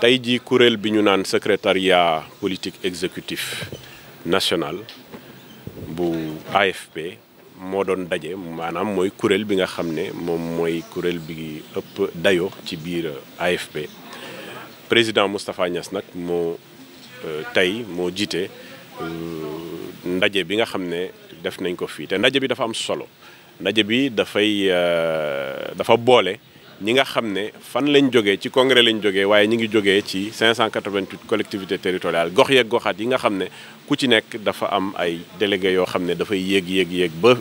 tey jii kuréel bi ñu naan secretaria politique exécutif national bu AFP moo doon daje maanaam mooy kuréel bi nga xam ne moom mooy kuréel bi ëpp dayo ci biir AFP président Moustapha Niass nag moo euh, tey moo jiite euh, ndaje bi nga xam ne def nañ ko fii te ndaje bi dafa am solo ndaje bi dafay euh, dafa boole ñi nga xam ne fan lañ jógee ci congrès lañ jóge waaye ñi ngi jógee ci 588 collectivités territoriales gox yeeg goxaat yi nga xam ne ku ci nekk dafa am ay délégués yoo xam ne dafay yéeg yéeg yéeg ba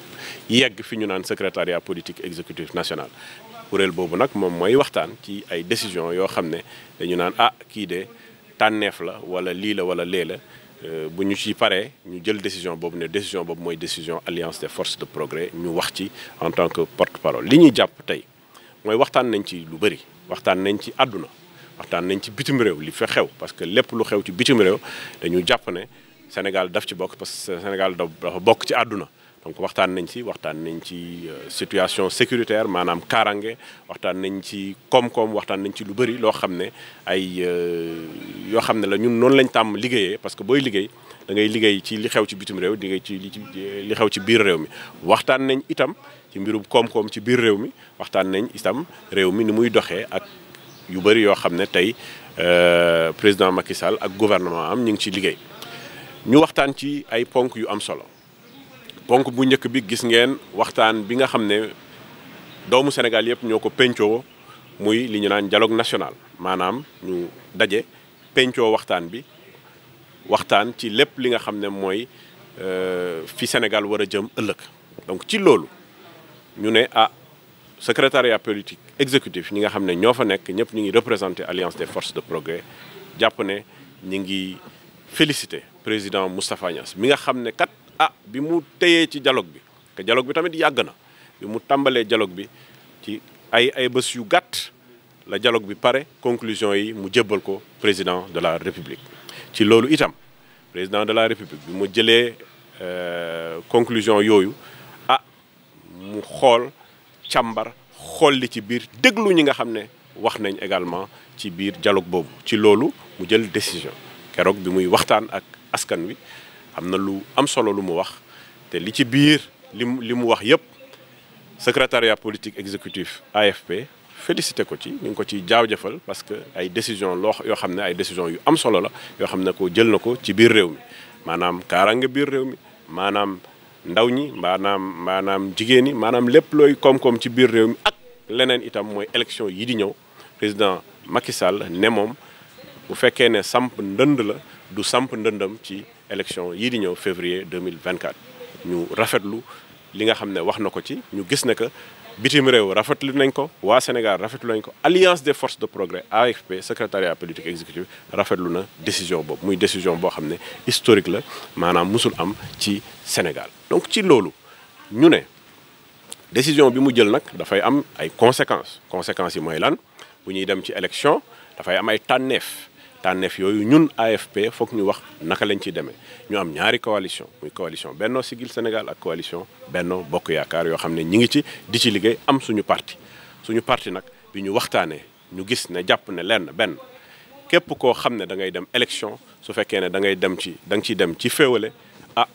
yegg fi ñu naan secrétariat politique exécutif national kuréel boobu nag moom mooy waxtaan ci ay décision yoo xam ne dañu naan ah kii de tànneef la wala lii la wala lee la Euh, bu ñu ci paree ñu jël décision boobu ne décision boobu mooy décision alliance des forces de progrès ñu wax ci en tant que porte-parole li ñuy jàpp tey mooy waxtaan nañ ci lu bëri waxtaan nañ ci àdduna waxtaan nañ ci bitim réew li fa xew parce que lépp lu xew ci bitim réew dañu jàpp ne Sénégal daf ci bokk parce que Sénégal dafa bokk ci àdduna donc waxtaan nañ ci waxtaan nañ ci euh, situation sécuritaire maanaam kaarange waxtaan nañ ci koom-koom waxtaan nañ ci lu bëri loo xam ne ay euh, yoo xam ne la ñun noonu lañ tàmm liggéeyee parce que booy liggéey dangay liggéey ci li xew ci bitim réew liggéey ci li xew ci biir réew mi waxtaan nañ itam ci mbirum koom ci biir réew mi waxtaan nañ itam réew mi ni muy doxee ak yu bëri yoo xam ne tey euh, président Macky Sall ak gouvernement am ñu ngi ci liggéey ñu waxtaan ci ay ponk yu am solo ponk bu njëkk bi gis ngeen waxtaan bi nga xam ne doomu Sénégal yëpp ñoo ko pencoo muy li ñu naan dialogue national maanaam ñu daje pencoo waxtaan bi waxtaan ci lépp li nga xam ne mooy euh, fi Sénégal war a jëm ëllëg donc ci loolu ñu ne ah secrétariat politique exécutif ñi nga xam ne ñoo fa nekk ñëpp ñu ngi représenté alliance des force de progrès jàpp ne ñu ngi félicité président Moustapha Niass mi nga xam ne kat ah bi mu teyee ci dialogue bi te dialogue bi tamit yàgg na bi mu tàmbalee dialogue bi ci ay ay bés yu gàtt la dialogue bi pare conclusion yi mu jëbal ko président de la république ci loolu itam président de la république bi mu jëlee euh, conclusion yooyu ah mu xool càmbar xool li ci biir déglu ñi nga xam ne wax nañ également ci biir dialogue boobu ci loolu mu jël décision keroog bi muy waxtaan ak askan wi am na lu am solo lu mu wax te li ci biir li mu li mu wax yëpp secretariat politique executif AFP félicité ko ci ñu ngi ko ci jaajëfal parce que ay décision loo yoo xam ne ay décision yu am solo la yoo xam ne ko jël na ko ci biir réew mi maanaam kaaraange biir réew mi maanaam ndaw ñi maanaam maanaam jigéen ñi maanaam lépp looy koom-koom ci biir réew mi ak leneen itam mooy élection yi di ñëw président Macky ne moom bu fekkee ne samp ndënd la du samp ndëndam ci élection yii di ñëw février 2024 ñu rafetlu li nga xam ne wax na ko ci ñu gis ne que bitim réew rafetlu nañ ko waa Sénégal rafetlu nañ ko alliance des force de progrès AFP secrétariat politique exécutif rafetlu na décision boobu muy décision boo xam ne historique la maanaam musul am ci Sénégal donc ci loolu ñu ne décision bi mu jël nag dafay am ay conséquences conséquence yi mooy lan bu ñuy dem ci élection dafay am ay tànneef tànneef yooyu ñun AFP foog ñu wax naka lañ ciy demee ñu am ñaari coalition muy coalition Benno Siggil Sénégal ak coalition Benno Bokk Yaakaar yoo xam ne ñi ngi ci di ci liggéey am suñu parti suñu parti nag bi ñu waxtaanee ñu gis ne jàpp ne lenn benn képp koo xam ne da ngay dem élection su fekkee ne da ngay dem ci da ciy dem ci féewale ah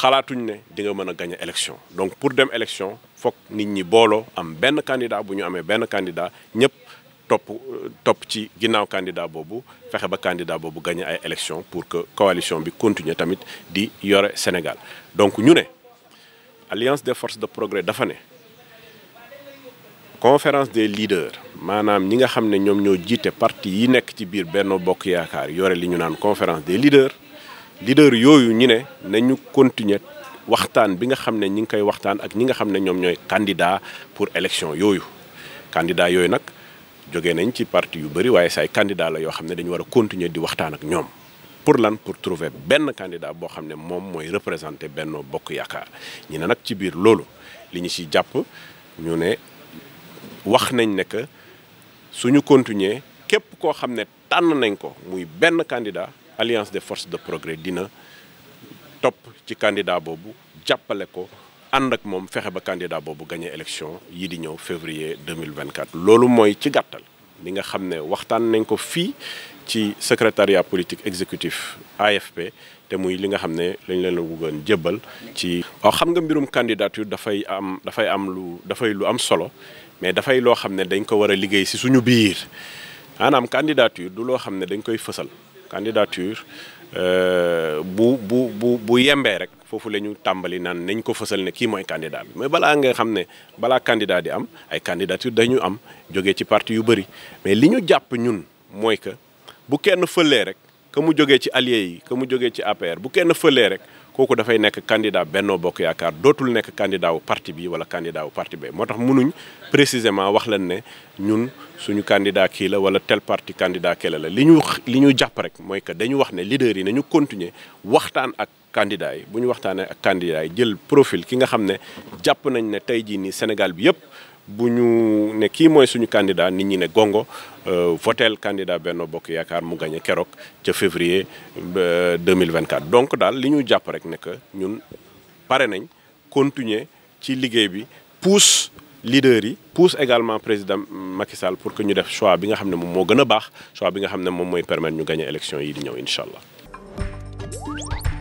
xalaatuñ ne di nga mën a gagné élection donc pour dem élection foog nit ñi booloo am benn candidat bu ñu amee benn candidat ñëpp topp topp ci ginnaaw candidat boobu fexe ba candidat boobu gagné ay élection pour que coalition bi continuer tamit di yore Sénégal donc ñu ne alliance des forces de progrès dafa ne conférence de leaders maanaam ñi nga xam ne ñoom ñoo jiite parti yi nekk ci biir benn Bokk Yaakaar yore li ñu naan conférence des leaders leaders yooyu ñu ne nañu continuer waxtaan bi nga xam ne ñi ngi koy waxtaan ak ñi nga xam ne ñoom ñooy candidat pour élection yooyu candidat yooyu nag jóge nañ ci parti yu bëri waaye say candidat la yoo xam ne dañu war a continuer di waxtaan ak ñoom pour lan pour trouver benn candidat boo xam ne moom mooy représenter Benno Bokk Yaakaar ñi ne nag ci biir loolu li ñu si jàpp ñu ne wax nañ ne que suñu continuer képp koo xam ne tànn nañ ko muy benn candidat alliance des force de progrès dina topp ci candidat boobu jàppale ko ànd ak moom fexe ba candidat boobu gagné élection yi di ñëw février 2024. loolu mooy ci gàttal li nga xam ne waxtaan nañ ko fii ci secrétariat politique executif AFP te muy li nga xam ne lañ leen a bëggoon jébbal ci. waaw xam nga mbirum candidature dafay am dafay am lu dafay lu am solo mais dafay loo xam ne dañ ko war a liggéey si suñu biir maanaam candidature du loo xam ne dañ koy fësal candidature euh, bu bu bu bu yembee rek. foofu la ñu tàmbali naan nañ ko fësal ne kii mooy candidat bi mais balaa nga xam ne balaa candidat di am ay candidature dañu am jógee ci parti yu bëri mais li ñu jàpp ñun mooy que bu kenn fëlee rek que mu jógee ci allié yi que mu jógee ci APR bu kenn fëlee rek kooku dafay nekk candidat Benno Bokk Yaakaar dootul nekk candidat wu parti bi wala candidat wu parti bi moo tax mënuñ précisément wax leen ne ñun suñu candidat kii la wala tel parti candidat kele la li ñu li ñu jàpp rek mooy que dañu wax ne leader yi nañu continuer waxtaan ak candidat yi bu ñu waxtaanee ak candidat yi jël profil ki nga xam ne jàpp nañ ne tey jii nii Sénégal bi yëpp bu ñu ne kii mooy suñu kandidaa nit ñi ne gongo euh, votel candidat Benno Bokk Yaakaar mu gagné keroog ca février 2024 donc daal li ñu jàpp rek ne que ñun pare nañ continuer ci liggéey bi pousse leader yi pousse également président Macky pour que ñu def choix bi nga xam ne moom moo gën a baax choix bi nga xam ne moom mooy permettre ñu gagné élection yi di ñëw incha allah